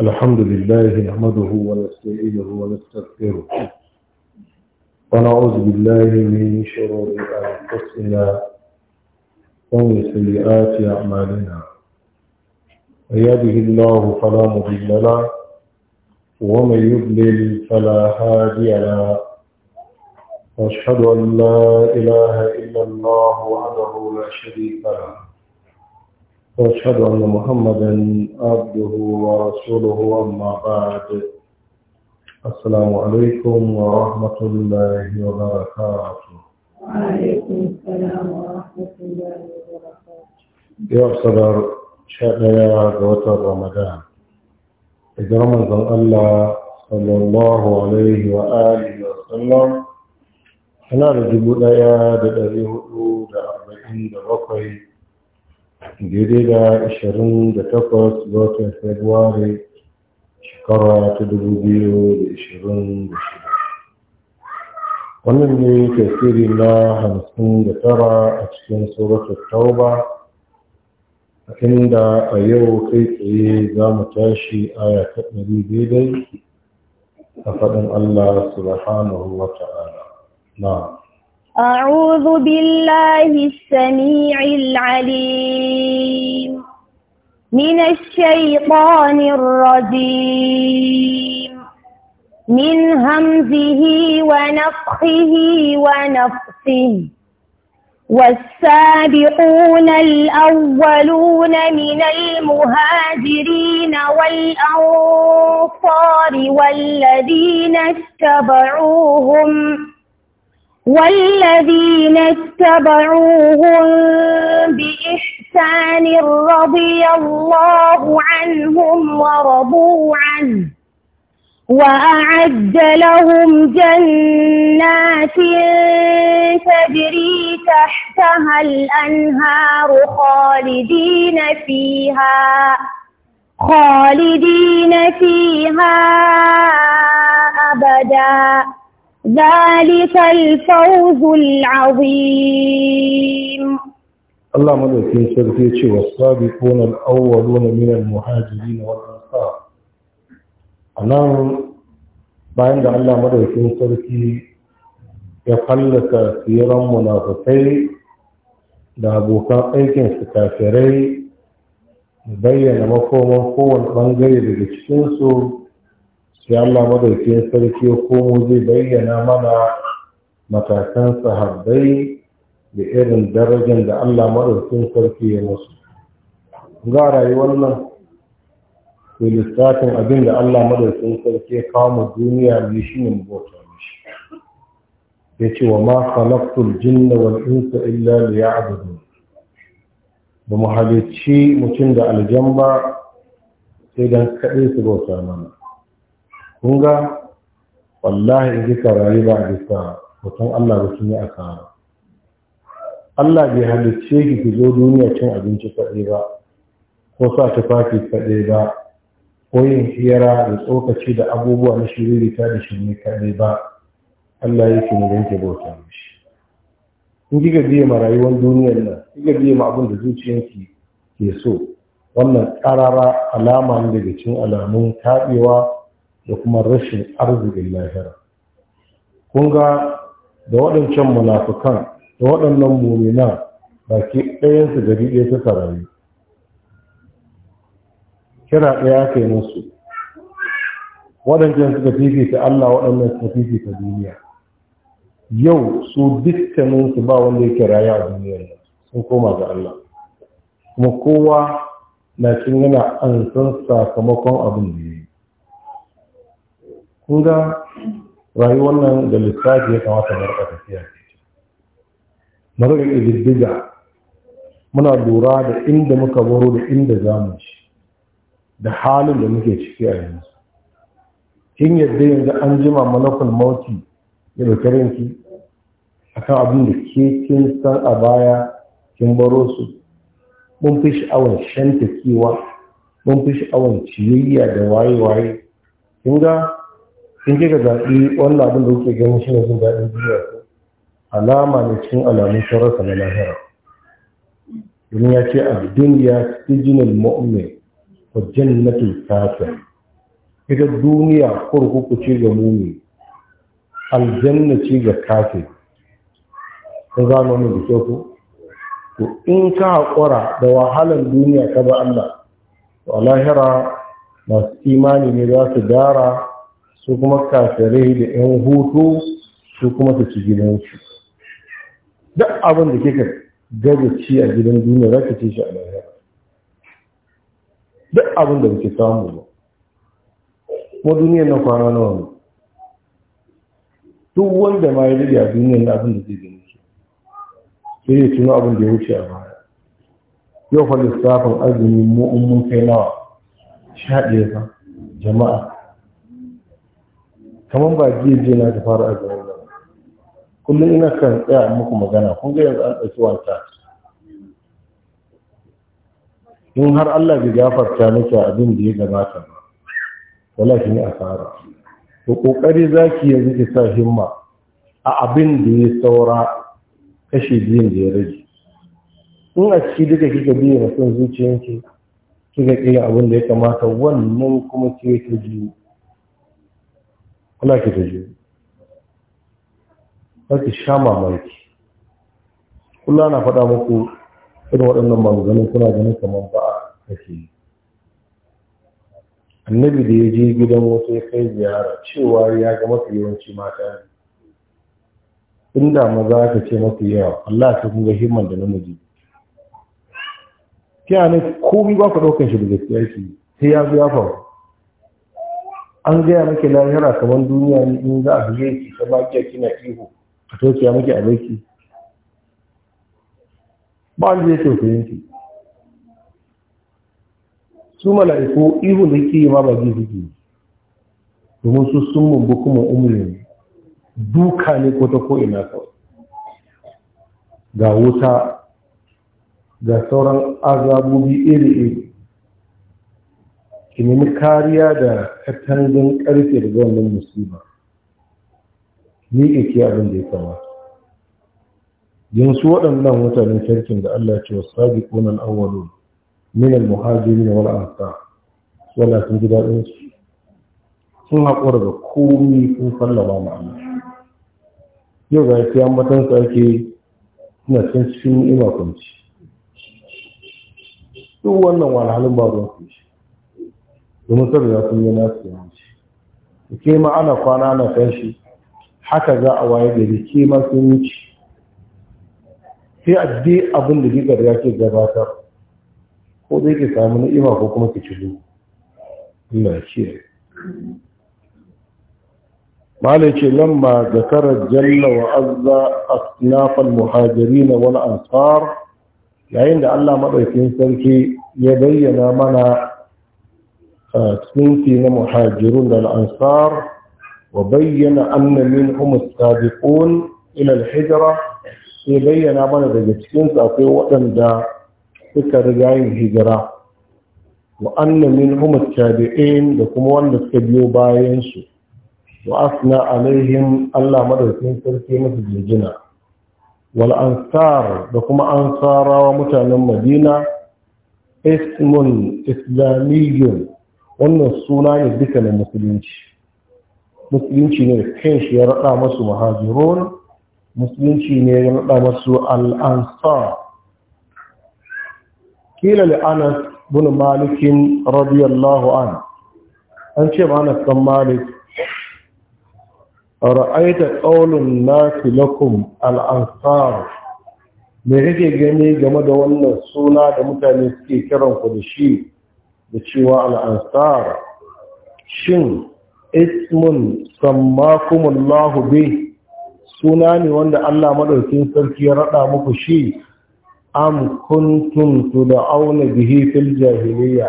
الحمد لله نحمده ونستعينه ونستغفره ونعوذ بالله من شرور انفسنا ومن سيئات اعمالنا من يهده الله فلا مضل له ومن يضلل فلا هادي له واشهد ان لا اله الا الله وحده لا شريك له واشهد ان محمدا عبده ورسوله اما بعد السلام عليكم ورحمه الله وبركاته وعليكم السلام ورحمه الله وبركاته يا صدر شهر يا رمضان اذا رمضان الله صلى الله عليه واله وسلم أنا رجل لا يا دليل أربعين دقيقة daidai da 28 watan februari shekara ta 2026 wannan ne tasiri na 59 a cikin suratul tauba inda a yau kai tsaye za mu tashi aya ta ɗari a faɗin allah subhanahu wa ta'ala na'am أعوذ بالله السميع العليم من الشيطان الرجيم من همزه ونفخه ونفخه والسابقون الأولون من المهاجرين والأنصار والذين اتبعوهم والذين اتبعوهم بإحسان رضي الله عنهم ورضوا عنه وأعد لهم جنات تجري تحتها الأنهار خالدين فيها خالدين فيها أبداً ذلك الفوز العظيم الله ملكين سرتيتي والسابقون الأولون من المهاجرين والأنصار أنا bayan da Allah madaukin sarki ya fallaka tsiran munafukai da abokan aikinsu kafirai bayyana makoman kowane bangare daga cikinsu sai Allah madaukakin sarki ko mu zai bayyana mana matakan sahabbai da irin darajar da Allah madaukakin sarki ya musu ga rayuwar nan ku lissafin abin da Allah madaukakin sarki ya kawo mu duniya ne shi ne mishi ya ce wa ma khalaqtul jinna wal insa illa liya'budun ba mu halicci mutum da aljamba sai dan kaɗai su bauta mana Kunga? wallahi in ji rayu ba a bisa mutum Allah ba sun yi kama Allah bai halicce ki ki zo duniya cin abinci kaɗai ba ko sa tufafi kaɗai ba ko yin hira da tsokaci da abubuwa na shiririta da ne kaɗai ba Allah ya ki mugan ki bauta mishi in kika biye ma rayuwar duniyar nan kika biye ma abin da zuciyarki ke so wannan ƙarara alama ne daga cin alamun taɓewa da kuma rashin arzikin lahira kun ga da waɗancan munafukan da waɗannan mumina baki ɗayansu gari ɗaya ta sarari kira ɗaya yi musu waɗancan suka fifita Allah waɗannan suka fifita duniya yau su dukkaninsu ba wanda yake raya a duniyar sun koma ga Allah kuma kowa na cin yana an san sakamakon abin da ya yi kun ga rayuwar nan da lissafi ya kamata na rika tafiya mu rika muna lura da inda muka baro da inda za mu ci da halin da muke ciki a yanzu in yadda yanzu an jima manufin mauti ya ɗauki ranki kan abin da ke kin san a baya kin baro su mun fi sha'awar shanta kewa mun fi sha'awar ciyayya da waye-waye kin ga in kika zaɓi wannan abin da kuke ganin shi ne jin daɗin duniya ko alama ne cikin alamun sharrasa na lahira domin ya ce a duniya sijinul mu'min wa jannatul kafir ita duniya kurkuku ce ga mumi aljanna ce ga kafir kun gano mu da kyau ko to in ka haƙura da wahalar duniya ta ba Allah to lahira masu imani ne za su dara su kuma kafirai da yan hutu su kuma su ci gidansu duk abin da kika gaza ci a gidan duniya za ka ci shi a lahira duk abin da kake samu ba kuma duniyar nan kwana nawa ne duk wanda ma ya rage a duniyar na abin da zai gani ke sai ya tuno abin da ya wuce a baya yau fa lissafin azumi mu'ummun kai nawa sha ɗaya fa jama'a kamar ba jiya na ta fara a gaban kullum ina kan tsaya muku magana kun ga yanzu an ɗauki wanta in har Allah bai gafarta nake abin da ya gabata ba wallahi ne asara to kokari zaki yanzu ki sa himma a abin da ya saura kashi biyun da ya rage in a ciki duka kika biya na son zuciyanki kika kiga abin da ya kamata wannan kuma ke ta biyu Allah ki ta je sha mamaki kula na faɗa muku iri waɗannan maganganun kuna ganin kamar ba a yi. annabi da ya je gidan wasu ya kai ziyara cewa ya ga mafi yawanci mata ne inda za ka ce mafi yawa Allah ta kun himman da namiji kiyane komi ba ka ɗaukan shi da gaskiya shi sai ya zo ya faru an gaya maki lahira kamar duniya ne in za a buge ki ta makiya kina ihu a tokiya maki a baki ba wanda zai tausayin ki su mala'iku ihu da ke yi ma ba ji suke domin su sun mumbu kuma umri duka ne ko ta ko kawai ga wuta ga sauran azabobi iri-iri ki nemi kariya da katangan karfe da wannan musiba ni ke abin da ya kamata yansu waɗannan mutanen sarkin da Allah ce wa sabi al awalo min al na wal ansar wala sun ji daɗin sun haƙura da komi sun sallama ma yau ga yake ambatan su ake suna cin cikin imakunci kwanci duk wannan wahalhalun babu ruwan shi. domin sun riga sun yi nasu yawanci ke ma kwana na kanshi haka za a waye da ke ma sun wuce sai a dai abin da kika ya ke gabatar ko zai ke samu ni'ima ko kuma ki ci Allah ya ce. malai ce lamma zakarar jalla wa azza a muhajiri na wani ansar yayin da Allah maɗaukin sarki ya bayyana mana تنتي مهاجرون الأنصار وبين أن منهم السابقون إلى الهجرة يبين أبنا دجتين تأتي وأن دا سكر جاين هجرة وأن منهم التابعين لكم وأن تكبيو باينسو وأثنى عليهم الله مدرسين تركي مثل الجنة والأنصار لكم أنصار ومتعلم مدينة اسم إسلامي wannan suna ne duka na musulunci musulunci ne kan shi ya raɗa masu muhajirun musulunci ne ya raɗa masu al'ansar kila da anas bin malikin radiyallahu an an ce ma anas san malik ra'aita ƙaunin nasi lakum al'ansar me kake gani game da wannan suna da mutane suke kiran ku da shi da cewa al'ansar shin ismun sammakumullahu be? suna ne wanda Allah maɗaukin sarki ya raɗa muku shi am kuntum auna bihi fil jahiliya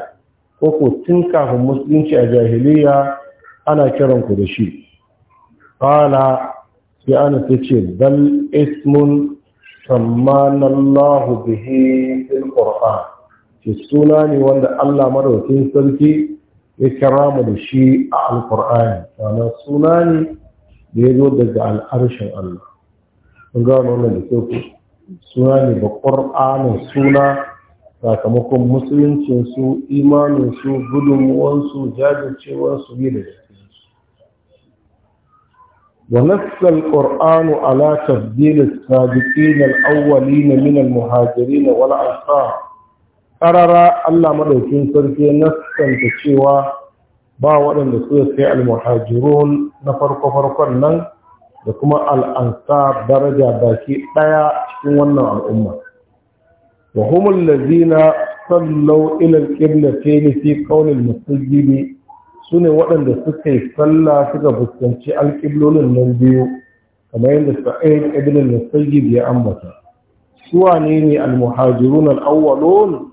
ko ku tun kafin musulunci a jahiliya ana kiranku ku da shi fala sai ana ce bal ismun sammanallahu bihi fil qur'an shi suna ne wanda Allah madaukin sarki ya kira da shi a alkur'ani wannan suna ne da ya zo daga al'arshin Allah kun gano wannan da kyau suna ne ba ƙur'anin suna sakamakon musuluncinsu imaninsu gudunmuwansu jajircewarsu yi da jikinsu wa nassal qur'anu ala tabdil as-sabiqin al-awwalin min al-muhajirin wal Karara Allah maɗaukin sarki naskanta cewa ba waɗanda su kai almuhajirun na farko-farkon nan da kuma al'ansa daraja baki ɗaya cikin wannan al'umma. wa humul lazina sallau ilal qiblatayn fi qawlil mustajib sune waɗanda suka yi sallah suka fuskanci alƙiblolin nan biyu kamar yadda sa'id ibn al-mustajib ya ambata su Wanene ne al-muhajirun al-awwalun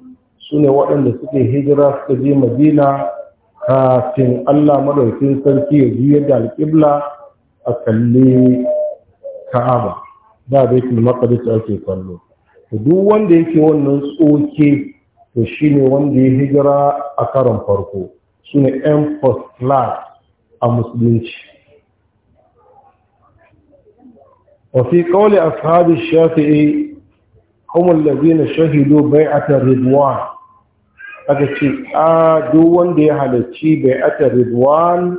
su ne waɗanda suke hijira suka je madina kafin allah madaukin sarki ya juya da alƙibla a kalli ka'aba da bai baitul maqdis ake kallo duk wanda yake wannan tsoke to shine wanda ya hijira a karon farko su ne yan first class a musulunci وفي قول أصحاب الشافعي هم الذين شهدوا بيعة الرضوان aka ce a duk wanda ya halarci bai ata ridwan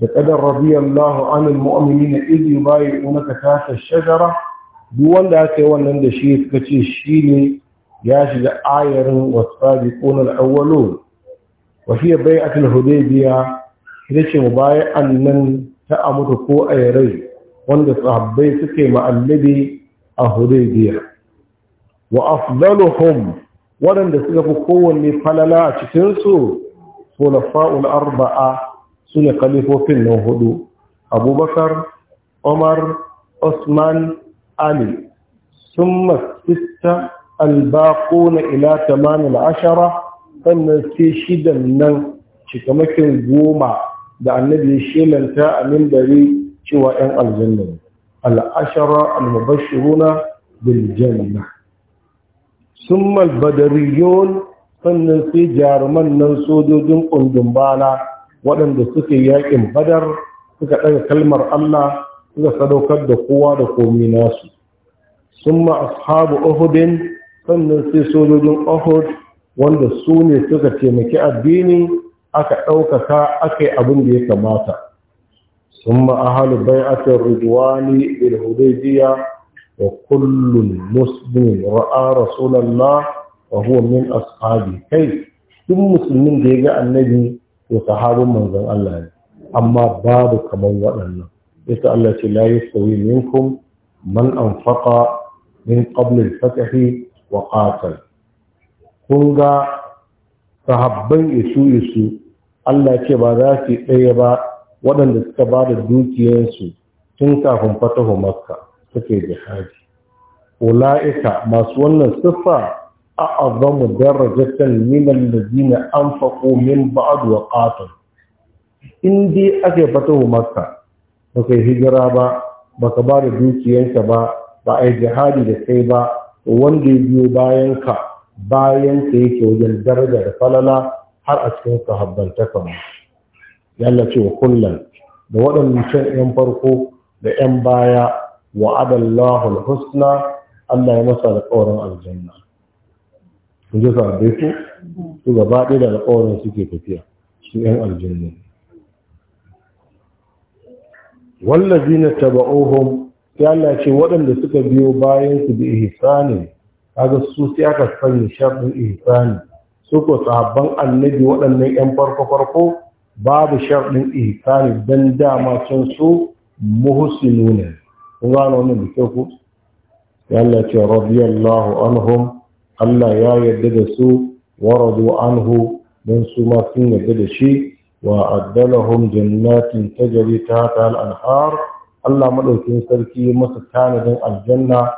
da kadar radiyallahu anil mu'minin na izi bayi unaka tasa shajara duk wanda aka yi wannan da shi suka ce shi ne ya shiga ayarin wasabi kunan awwalo wa ya bai atul hudaybiya ita ce mubayi'an annan ta amuta ko ayarai wanda sahabbai suke ma'allabi a hudaybiya wa afdaluhum waɗanda suka fi kowanne falala a cikinsu khulafa'ul arba'a su ne kalifofin nan hudu abubakar umar usman ali sun masista albaƙo na ila tamanin ashara sannan sai shidan nan cikamakin goma da annabi ya shelanta a mimbari cewa 'yan aljanna al'ashara al-mubashiruna bil janna summa badariyun sannan sai jaruman nan sojojin ƙundun bala waɗanda suke yaƙin badar suka ɗaga kalmar Allah suka sadaukar da kowa da komi nasu summa ashabu uhudin sannan sai sojojin uhud wanda su ne suka taimaki addini aka ɗaukaka aka yi abin da ya kamata summa ahalu bai'atar ridwani bil hudaybiya وكل kullun رأى Ra'a الله وهو من kai, tun musulmin da ya ga annabi to sahabin manzon Allah ne amma babu kamar waɗannan yasa Allah ce la yastawi minkum man anfaqa min qabl al-fath wa qatal kun ga sahabban isu isu Allah ce ba za su ɗaya ba waɗanda suka ba da dukiyarsu tun kafin fatahu makka suke jihadi ula'ika masu wannan siffa a a'azamu darajatan min allazina anfaqu min ba'd wa qatal in dai ake fatahu maka, ba kai hijira ba baka ba da dukiyanka ba ba a yi jihadi da kai ba wanda ya biyo bayan ka bayan ka yake wajen daraja da falala har a cikin sahabbantaka ma yalla ce wa kullum da waɗannan 'yan farko da 'yan baya wa adallahu al-husna Allah ya masa alƙawarin aljanna kun ji sabbe ku su gaba ɗaya da alƙawarin suke tafiya su ƴan aljanna wallazina taba'uhum sai Allah ce waɗanda suka biyo bayan su bi ihsani kaga su sai aka sanya sharɗin ihsani su ko sahabban annabi waɗannan ƴan farko farko babu sharɗin ihsani dan dama can su muhsinuna kun gano wannan da kyau ku ya Allah ce radiyallahu anhum Allah ya yarda da su wa radu anhu dan su ma sun yarda da shi wa addalahum jannatin tajri tahta al-anhar Allah madaukin sarki masa tanadin aljanna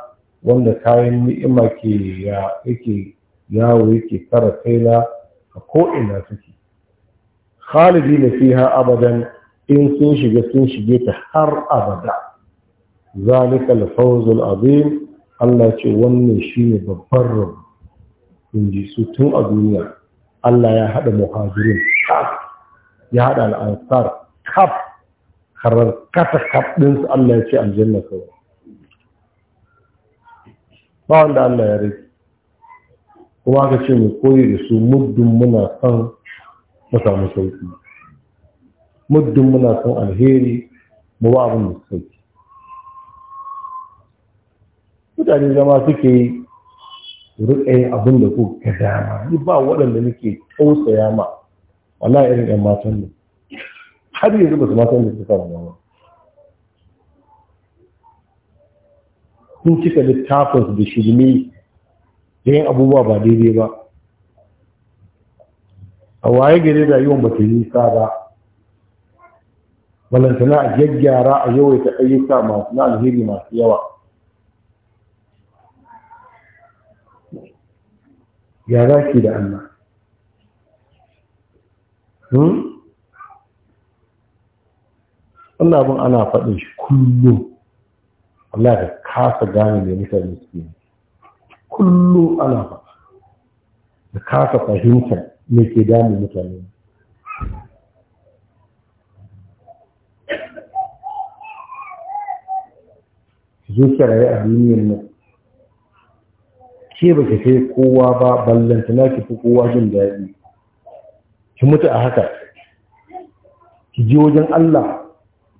wanda kayan ni'ima ke ya yake yawo yake kara kaina a ko ina suke khalidi na fiha abadan in sun shiga sun shige ta har abada zalikal fawzul azim Allah ce wannan shine babban rabu in ji su tun a duniya Allah ya haɗa muhajirin ya haɗa al'ansar kaf karar kasa kaf ɗinsu Allah ya ce aljanna kawai ba wanda Allah ya rage kuma aka ce mu koyi da su muddin muna son mu samu sauki muddin muna son alheri mu ba abin da sauki mutane zama suke yi rika abin da ku ka dama ni ba waɗanda nake tausaya ma wallahi irin ɗan matan ne har yanzu ba su matan da suka rama ba sun cika littafin da shirme da yin abubuwa ba daidai ba a waye gare da yawan ba ta yi sa ba balantana a gyaggyara a yawaita ayyuka masu na alheri masu yawa ya za ki da Allah hmm? Allah bin ana faɗin shi kullum Allah da kasa gane da mutane su yi kullum ana faɗa da kasa fahimta me ke damun mutane zuciyar a duniyar nan ke ba ka kai kowa ba ballanta na ki fi kowa jin daɗi ki mutu a haka ki je wajen Allah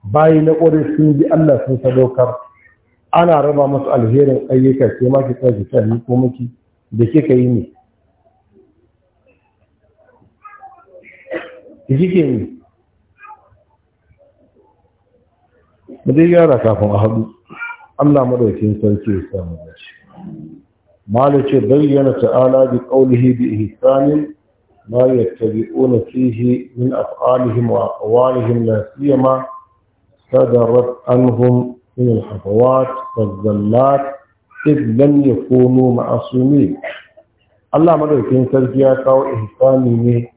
bayi na ƙwarai sun bi Allah sun sadaukar ana raba masu alherin ayyuka sai ma ki tsaye ta yi ko miki da ke ka yi ne ki ji ke ne mu dai yara kafin a haɗu Allah madaukakin sarki ya samu shi malu ce bayyana ta'ala bi qawlihi bi ihsanin ma yattabi'una fihi min af'alihim wa aqwalihim la siyama sadarat anhum من الحفوات والزلات إذ لم يكونوا معصومين Allah madaukakin sarki ya kawo ihsani ne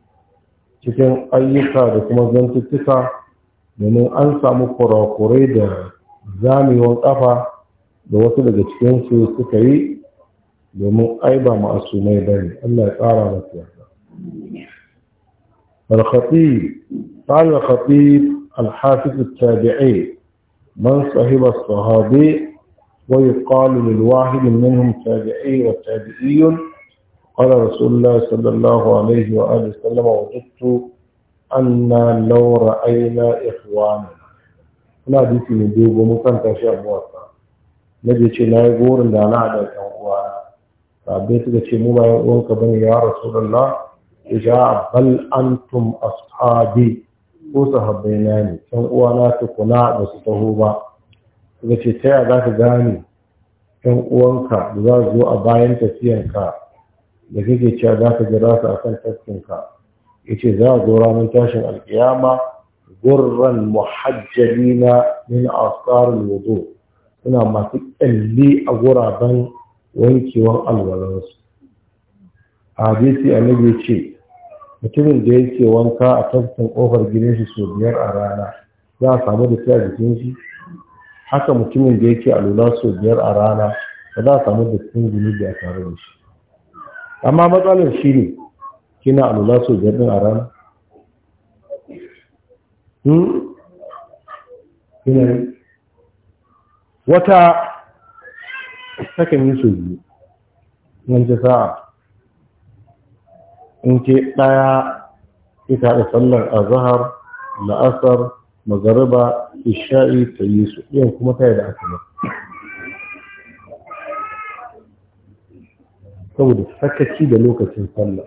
cikin ayyuka da kuma zantuttuka domin an samu kurakurai da zamewar kafa da wasu daga cikinsu suka yi domin ai ba ma'asumai ba ne Allah ya tsara masu yarda al-khatib قال الخطيب الحافظ التابعي من صاحب الصحابي ويقال للواحد منهم تابعي وتابعي قال رسول الله صلى الله عليه وآله وسلم وجدت أن لو رأينا إخواننا لا دي في ندوب ومكان تشعب وطا نجي تشناي غور لانا على sabe suka ce 'yan'uwanka ba uwanka bane ya rasulullah ija bal antum ashabi ko sahabbai na ne ɗan uwana tukuna ba su taho ba suka ce ta yaya za ka gane ɗan uwanka da za su zo a bayan tafiyanka da kake cewa za ka jira su akan tafkinka ya ce za a zo ranar tashin alkiyama gurran muhajjalina min asarul wudu suna masu ƙyalli a guraben wankewar alwalansu hadisi a ya ce mutumin da yake wanka a tafkin kofar gidan shi sau biyar a rana za a samu da a jikin shi haka mutumin da yake alula sau biyar a rana ba za a samu da cikin gini da a tare da shi amma matsalar shi ne kina alula sau biyar din a rana hmm? wata Sakan yi su biyu nan ce sa'a in ke ɗaya ita da sallar azahar la'asar magariba isha'i ta yi su ɗin kuma ta yi da asibar saboda sakaci da lokacin sallah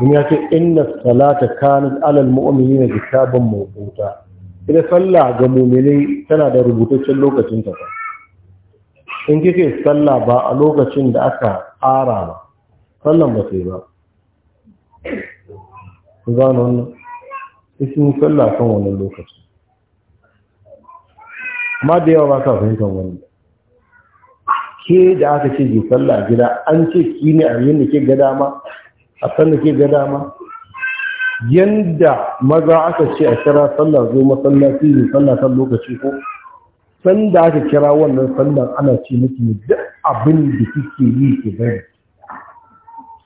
mun ya ce inna salata kanin alal na jikabin mabuta ita sallah ga mu'minai tana da rubutaccen lokacin ta in kike sallah ba a lokacin da aka ara ba sallan ba sai ba ku gano wannan isin sallah kan wannan lokaci amma da yawa ba sa fahimtar wannan ke da aka ce ke sallah gida an ce ki ne a yin da ke ga dama a san da ke ga dama yanda maza aka ce a kira sallah zo masallaci ne sallah kan lokaci ko sanda aka kira wannan sallar ana ce miki da duk abin da kike yi ki bari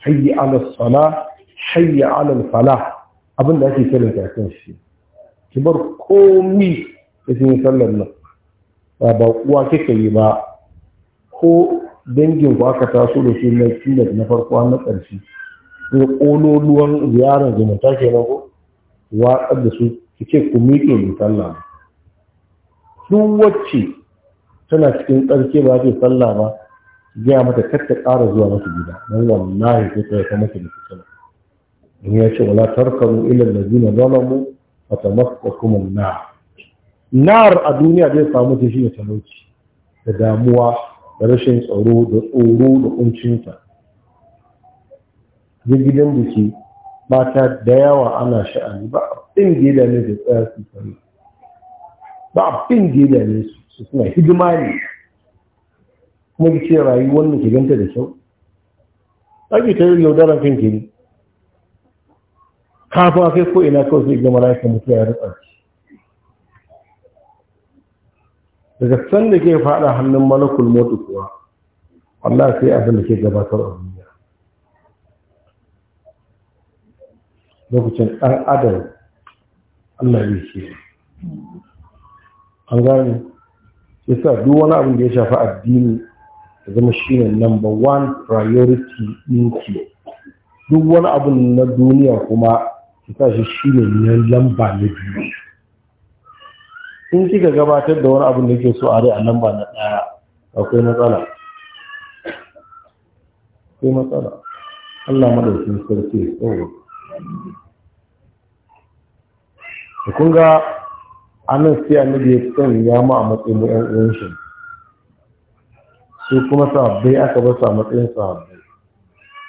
hayya ala sala hayya ala fala, abin da ake kira ta kan shi ki bar komi da sallar nan ba ba uwa kika yi ba ko dangin ku aka taso da su na kila na farko na karshe ko kololuwan ziyarar zumunta kenan ko watsar da su kike ce ku miƙe sallar duk wacce tana cikin tsarki ba zai sallah ba gaya mata kar ta ƙara zuwa mata gida don wallahi sai ta yaka mata da fitina in ya ce wala zina zama mu zalamu ta masu an na. nar a duniya zai samu ta shi da talauci da damuwa da rashin tsaro da tsoro da kuncinta gidan da ke mata da yawa ana sha'ani ba a ɗin gida ne da tsaya su ba abin da ya dame su suna hidima ne kuma ki ce rayuwar ki ganta da kyau ake ta yi yaudarar kan ne kafin kai ko ina kawai sai gama lafiya mutu ya daga san da ke fada hannun malakul motu kuwa Allah sai abin da ke gabatar a duniya lokacin ɗan adam Allah ya ce an gane yasa duk wani abin da ya shafi addini ya zama shine number one priority ɗinki duk wani abin na duniya kuma ya sa shi shine na lamba na biyu in kika gabatar da wani abin da yake so a rai a lamba na ɗaya akwai matsala akwai matsala Allah madaukin sarki tsawo da kun ga anan sai da ya kan ya mu a matsayin mu ɗan uwan shi sai kuma sahabbai aka ba sa matsayin sahabbai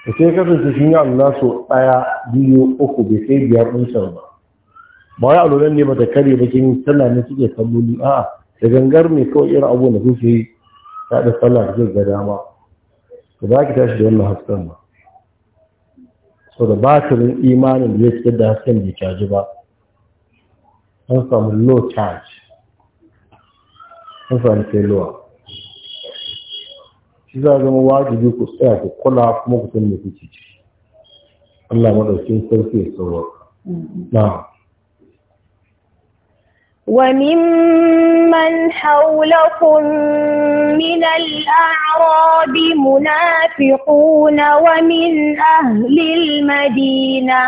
da sai kasance shi ya Allah so ɗaya biyu uku bai kai biyar ɗin ba ba wai alolan ne ba bata kare ba kin sallah ne suke kalloli a'a da gangar ne kawai irin abu da kuke yi ta da sallah da ga dama Ba za ki tashi da wannan hasken ba so da batirin imanin da ya fitar da hasken bai caji ba an samu low charge an samu failure shi za a zama wajibi ku tsaya ku kula kuma ku san me kuke ciki Allah madaukin sarki ya sauwaka na'am وممن حولكم من الأعراب منافقون ومن أهل المدينة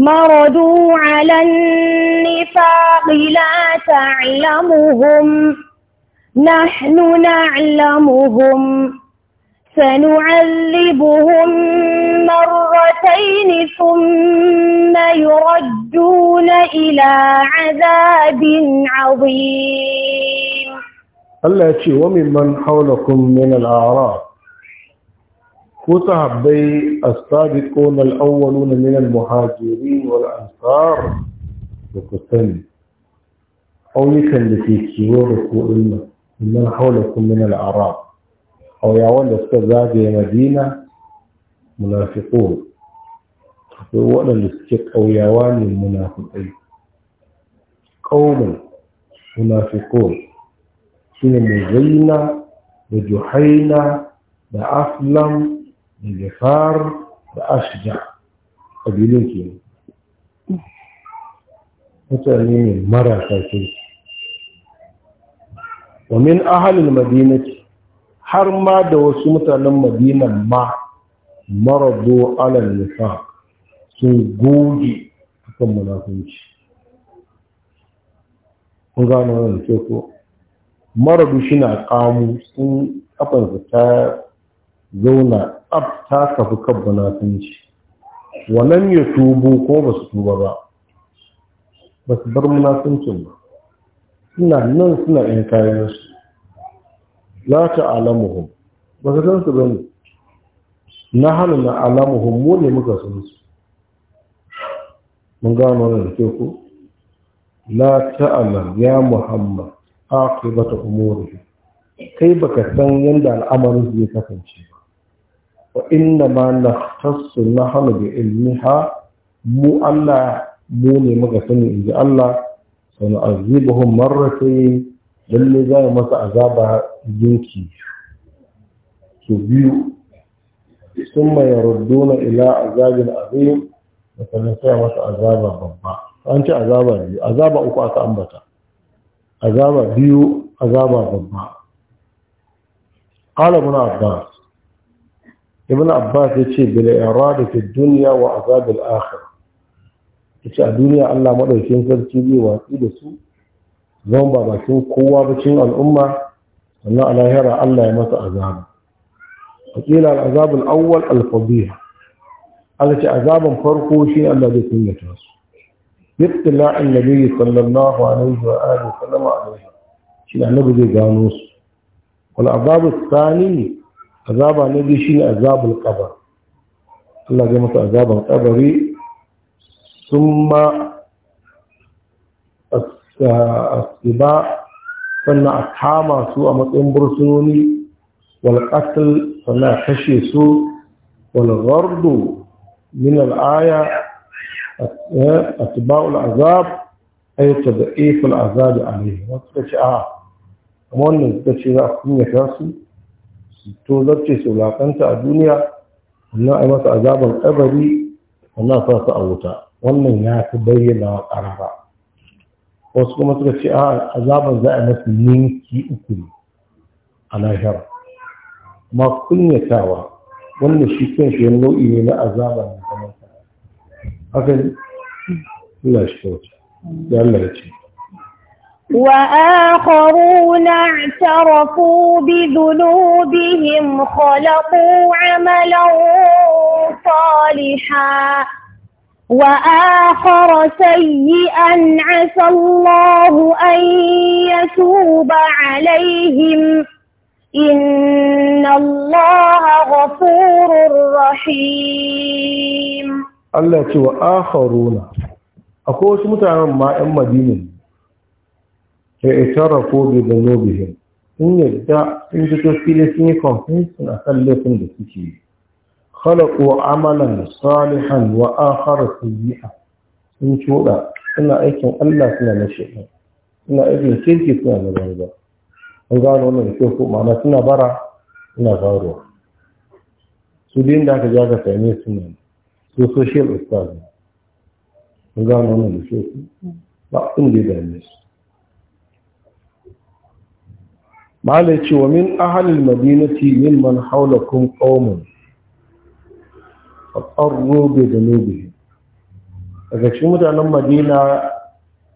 مردوا على النفاق لا تعلمهم نحن نعلمهم سنعذبهم مرتين ثم يردون إلى عذاب عظيم التي وممن حولكم من الأعراب ko sahabbai as-sabiqun al-awwaluna min al-muhajirin wal ansar da ku sani ƙauyukan da ke kiwo da ku ilma min haulakum min al-arab ƙauyawan da suka zagaye madina munafiqun akwai waɗanda suke ƙauyawa ne munafiqai qaumun munafiqun shine muzaina da juhaina da aslam da zafar da ashja ƙabilun mutane ne marasa kirki wa min ahalin madinati har ma da wasu mutanen madinan ma marado alal nifaq sun goge akan munafunci kun gano wannan ko maradu shi na kamu sun kafansa ta zauna ab ta kafi kabba na ci wannan ya tubu ko ba su tuba ba ba su bar munafincin ba suna nan suna in kayan su za ta alamuhum ba su san su ba ne na hana na alamuhum mu ne muka sun su mun gano wannan ke ku la ta'lam ya muhammad aqibata umurihi kai baka san yanda al'amarin zai kasance ba wa inna ma nahtassu nahnu bi ha? mu Allah mu ne muka sani in ji Allah sanu azibuhum marratayn lalle za mu masa azaba jinki su biyu summa yarudduna ila azabin azim da sanin sai masa azaba babba an ce azaba biyu azaba uku aka ambata azaba biyu azaba babba qala ibn abbas ibn abbas ya ce bil irada fi dunya wa azab al akhir yace a duniya Allah madaukakin sarki zai watsi da su zan ba bakin kowa bacin al'umma sannan a lahira Allah ya masa azaba wakila al azab al awwal al fadiha Allah ce azaban farko shi Allah zai kunyata su ibtila'in nabiyyi sallallahu alaihi wa alihi wa sallam alaihi shi annabi zai gano su wal azab al thani عذاب آنے دی شین عذاب القبر اللہ کے مطلب عذاب القبر ثم اصطباء فن اتحاما سوء مطمبر سنونی والقتل فن اتحشی سوء والغرض من الآية أتباع العذاب أي تضعيف العذاب عليه ما آه أمون نزدتش إذا أخذني to zarce su lakanta a duniya sannan a yi masa azabar ƙabari? sannan sa su a wuta wannan ya fi bayyana wa ƙarara wasu kuma suka ce a azabar za a masu ninki uku a lahira ma kunyatawa wannan shi kan shi nau'i ne na azabar na zaman haka ne Allah shi kyauta ya Allah وآخرون اعترفوا بذنوبهم خلقوا عملا صالحا وآخر سيئا عسى الله أن يتوب عليهم إن الله غفور رحيم الله وآخرون أقول متعلم ما أم مدينة itara ko fa da bi dhunubihim sun yadda sun fito fili sun yi confession a kan laifin da suke yi Kala ko amalan salihan wa akhara sayyi'a sun cuɗa suna aikin Allah suna na shaitan suna aikin kirki suna na banza an gano wani da kyau ma'ana suna bara suna faruwa su din da aka ja ka same suna ne su social ustaz an gano wani da kyau ba abin da ya dame su malai ce wa min ahalil madinati min man haulakun qaumun faqarru da dhunubi daga cikin mutanen madina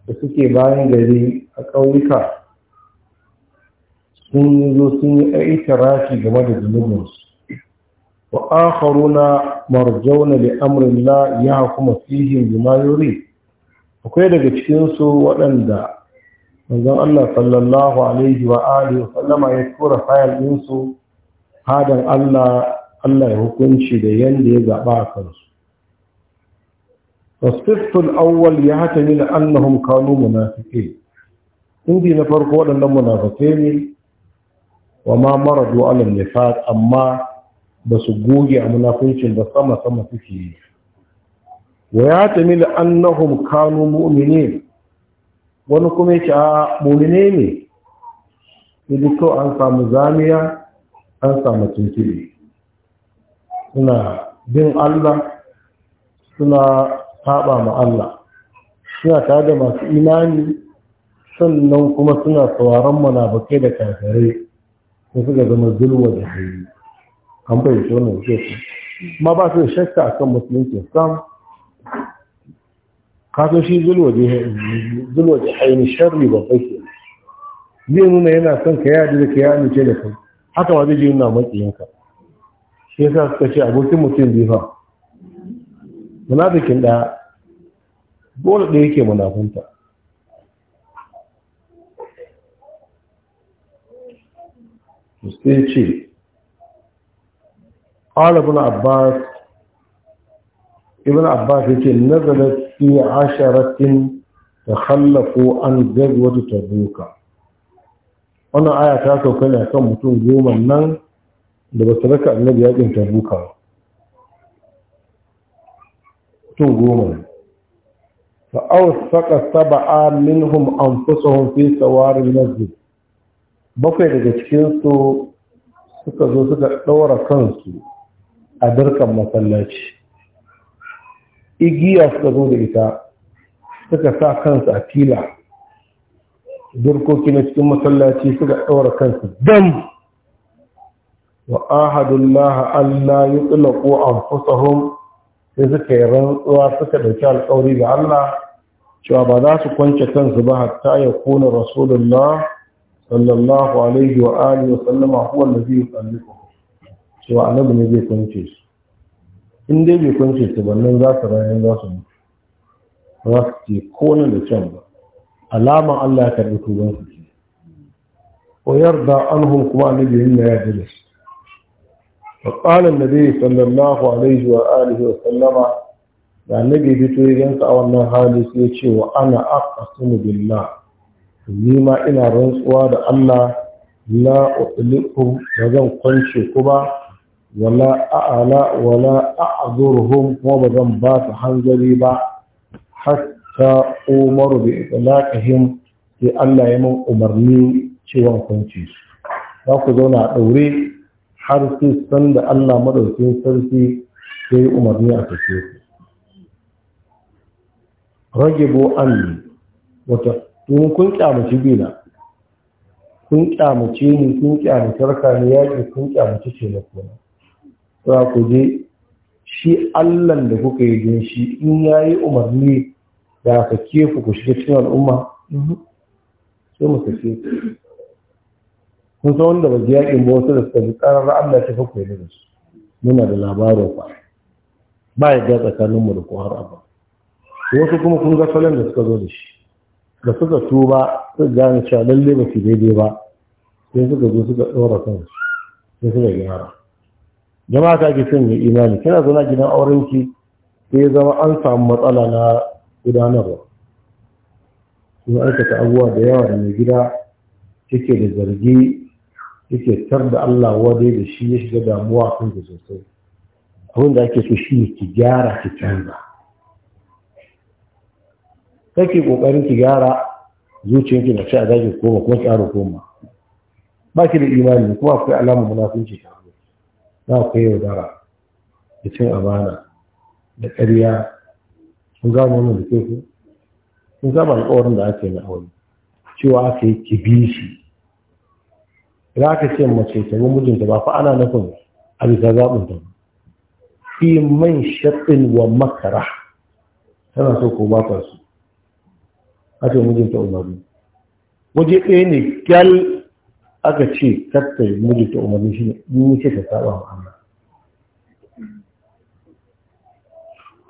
da suke bayan gari a ƙauyuka sun yi zo sun yi rafi game da zunubinsu wa na marjauna amurin la ya kuma fihin bima akwai daga cikinsu waɗanda manzon Allah sallallahu alaihi wa alihi wa sallama ya tura fayal ɗinsu hadan Allah Allah ya hukunci da yanda ya zaɓa a kansu wasfiffin awwal ya hata mila annahum kanu munafiqin indi na farko waɗannan munafiqai ne wa ma maradu ala nifaq amma ba su goge a munafincin da sama sama suke yi wa ya hata annahum kanu mu'minin wani kuma ya ce a mummune ne ya to an samu zamiya an samu tuntube suna bin allah suna taɓa ma allah suna ta da masu imani sannan kuma suna sauraron bakai da kafirai da suka zama zulwa da hayi an bai shi wannan ma ba su da shakka akan musulunci sam kaso shi zulwaje da haini sharri ba kai ke zai nuna yana son ka yadda da ka yi amince da kai haka ba zai ji nuna maƙiyinka shi yasa suka ce abokin mutum biyu fa munafikin ɗaya dole ɗaya yake munafunta sai ce قال ابن عباس ابن عباس يقول نزلت في عشرة تخلفوا عن aya ta sauka ne kan mutum goma nan da ba su raka annabi mutum goma fa awsaqa sab'a minhum anfusuhum fi sawar al-masjid bakwai daga cikin su suka zo suka ɗaura kansu a darkan masallaci igiya suka zo da ita suka sa kansu a fila durkoki na cikin masallaci suka ɗaura kansu dam wa ahadullaha Allah ya ko an fasahun, sai suka yi rantsuwa suka ɗauki alƙawari ga Allah cewa ba za su kwance kansu ba hatta ya kona rasulullah sallallahu alaihi wa wa sallama huwa allazi yusalliku cewa annabi ne zai kwance su in dai bai kwance su bannan za su ranar za su za su ce ko na da can ba alama Allah ya karɓi tuban su ce ko yarda anhum kuma annabi yin ya yarda da su wa da zai sallallahu alaihi wa alihi wa sallama da na bai fito ya sa a wannan hali sai ya ce wa ana sunu billa ni ma ina rantsuwa da Allah na utliqu da zan kwance ku ba wala a'ala wala a'zurhum wa ba zan ba su hanzari ba hatta umar bi itlaqihim sai Allah ya mun umarni cewa kunci za ku zauna a daure har sai san da Allah madaukin sarki sai umarni a ku rajibu an wata domin kun kyamaci bina kun kyamace ni kun kyamace ne yaƙi kun kyamace ce na kuma za ku je shi allan da kuka yi don shi in ya yi umarni da aka kefu ku shiga cikin al'umma sai mu sake kun san wanda ba yakin ba wasu da suka ji karar Allah ta fakwa yi da su muna da labarin ba. ba ya ga tsakanin mu da ko har wasu kuma kun ga salon da suka zo da shi da suka tuba suka gane cewa lalle ba su daidai ba sai suka zo suka ɗora kansu sai suka gyara jama'a ka ake son ya imani kina zauna gidan aurenki sai ya zama an samu matsala na gudanarwa sun aikata abubuwa da yawa da mai gida take da zargi take tar da Allah wadai da shi ya shiga damuwa kan da sosai abin da ake so shi ne ki gyara ki canza kake kokarin ki gyara zuciyarki na ci a zaki koma kuma ki koma ba ki da imani kuma akwai alamar munafunci ta za ku yaudara da cin amana da ƙarya sun gano wannan da ke ku kun alƙawarin da ake na aure cewa aka yi ki bi shi idan aka ce mace ta mijinta ba fa ana nufin a bisa zaɓin ta fi man shaɗin wa makara tana so ko ba ta a ce mijinta umaru waje ɗaya ne gyal aka ce kattai mulki ta umarni shi ne in ce ta saba ma Allah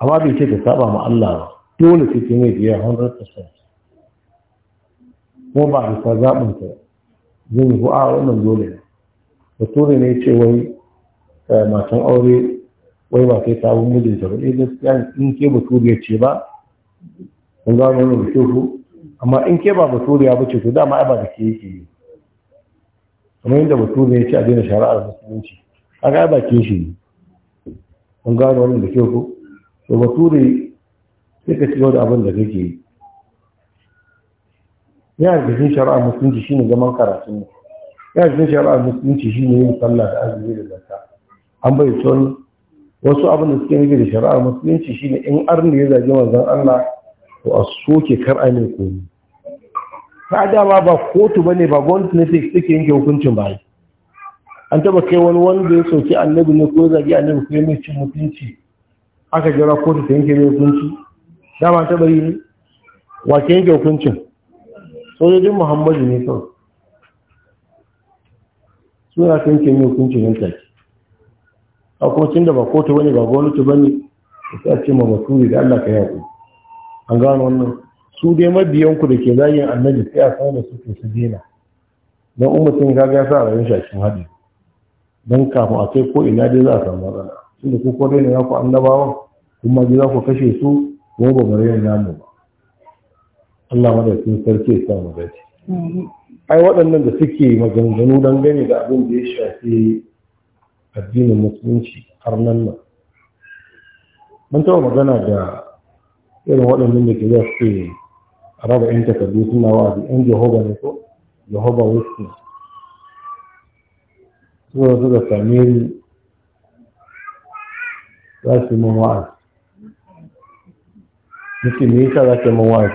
amma bai ce ta saba ma Allah ba dole sai kin yi biya 100% ko ba a sa zaɓin ta yin yi a wannan dole ne bature ne ce wai eh, matan aure wai ba kai sabon mijinta ba ɗaya eh, gaskiya in ke bature ce ba kun gano wani da amma in ke ba bature ya bace to dama ai ba da ke yake yi kamar yadda mutum ya ce a daina shari'ar musulunci a ga bakin shi ne an gano wannan da kyau ko to bature sai ka ci da abin da kake yi ya da cikin shari'ar musulunci shine zaman karatu ne ya da cikin shari'ar musulunci shine yin sallah da azumi da zakka an bai son wasu abin da suke nufi da shari'ar musulunci shine in arni ya zage manzon Allah to a soke kar a mai komai ba dama ba kotu ba ne ba gwamnati suke yanke hukuncin ba an taba kai wani wanda ya soki annabi ne ko zagi annabi ko mai cin mutunci aka jira kotu ta yanke mai hukunci dama taba yi ne wa ke yanke hukuncin sojojin muhammadu ne kawai suna ta yanke mai hukuncin yan take a kuma cin da ba kotu ba ne ba gwamnati ba ne ta ce ma baturi da allah ka yaƙi an gano wannan su dai mabiyanku da ke zagin annabi sai a san da su ke su dena don umarcin gaga sa rayuwar shakin haɗe don kafin a kai ko ina dai za a samu matsala tun da kuka dai na ku annabawan kuma dai za ku kashe su ko ba bari yin namu ba Allah sun sarki ya samu gaji. ai waɗannan da suke maganganu don gani da abin da ya shafi addinin musulunci har nan nan mun taɓa magana da irin waɗannan da ke za su raba yan takardu suna wa'azi yan jehova ne ko jehova wiski suka suka same ni za su yi mawa’a. wa'azi ne me yasa za su yi mawa’a.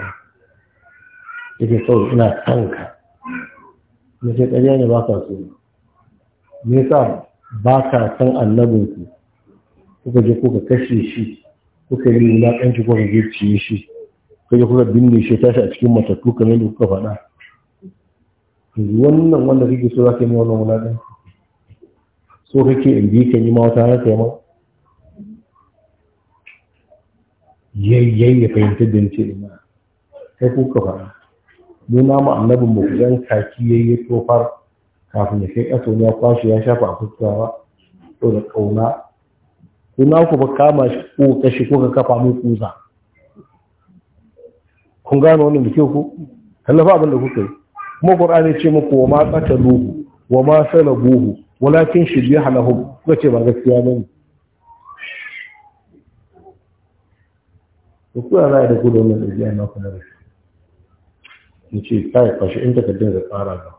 yake kawai ina kanka nake ƙarya ne ba ka so me yasa ba ka san annabinku kuka je kuka kashe shi kuka yi wulaƙanci kuka girciye shi kaje kuka binne shi tashi a cikin matattu kamar da kuka faɗa wannan wanda kake so za ka yi wannan wulaɗin so kake in bi ka yi ma wata haka yamma yayyayi ya fahimtar da ce ina Kai kuka faɗa na ma annabin mu kudan kaki yayyayi tofar kafin ya kai ƙasa ya kwashe ya shafa a fuskawa to da ƙauna kuna ku ba kama shi ko kashe ko ka kafa mu kuza kun gano wannan da ke ku tallafa abin da kuka yi kuma qur'ani ce muku wa ma qataluhu wa ma salabuhu walakin shibiha lahum kuka ce ba gaskiya bane to kuwa za a da kudu wannan ɗabi'a na kuma da shi in ce kai fashi in takardun da tsara ga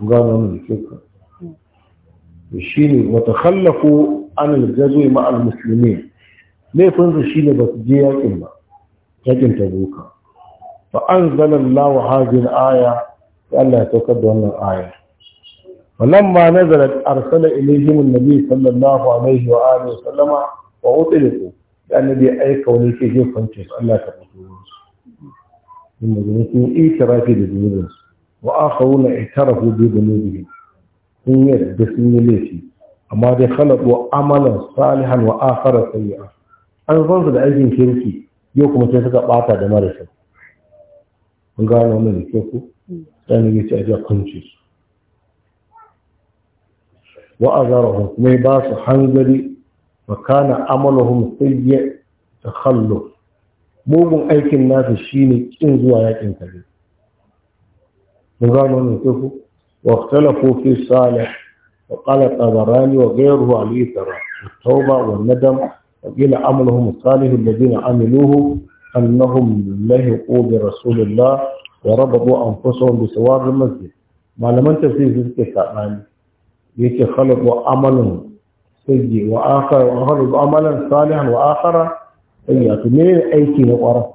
ku gano wannan da ke ku shine watakhallafu an al-ghazwi ma al-muslimin laifin su ne ba su je yakin ba tagin tabuka fa anzalallahu hadhihi al-aya Allah ya tokar da wannan aya walamma nazalat arsala ilayhi an-nabi sallallahu alayhi wa alihi wa sallama wa utiliku annabi aika wani ke je kwance Allah ta fito in mun yi itirafi da dubin wa akharun itarafu bi dubin in yi da sun yi laifi amma dai khalaqu amalan salihan wa akhara sayyi'a an zanzu da aikin kirki yau kuma sai suka bata da marasa mun gano wannan da ke ku sai ne yace aje kunci wa azarahum kuma ba su hangari wa kana amaluhum sayyi takhalluf mugun aikin nasu shine kin zuwa yakin kare mun gano wannan ke ku wa ikhtalafu fi salih وقال الطبراني وغيره على الإثر wa والندم وقيل عملهم الصالح الذين عملوه أنهم لهقوا برسول الله وربطوا أنفسهم بسوار المسجد ما لم تفسير في الكتاب يتي خلقوا عملهم سيء وآخر وخلقوا عملا صالحا وآخر سيئة من الأيكي نقرأ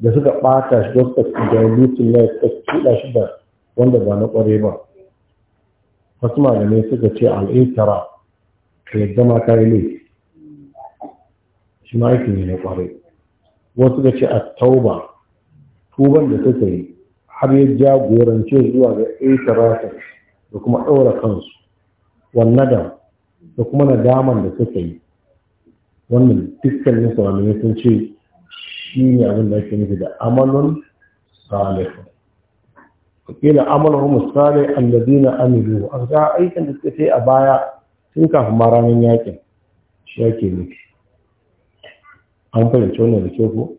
da suka ɓata shi don suka jahilutun na suka cuɗa shi da wanda ba na ƙware ba wasu malamai suka ce al'intara da yadda ma ta yi laifi shi ma ne na kwarai wasu da ce a tauba tuban da suka yi har ya jagorance zuwa ga aitarasa da kuma ɗaura kansu wannan da kuma nadaman da suka yi wannan dukkanin salamai sun ce shi ne abin da ake nufi da amalun salihun wakila amalun musali allazina amilu an ga aikin da suka sai a baya sun kafin ma ranar yakin shi ake nufi an fahimci wannan da ke ko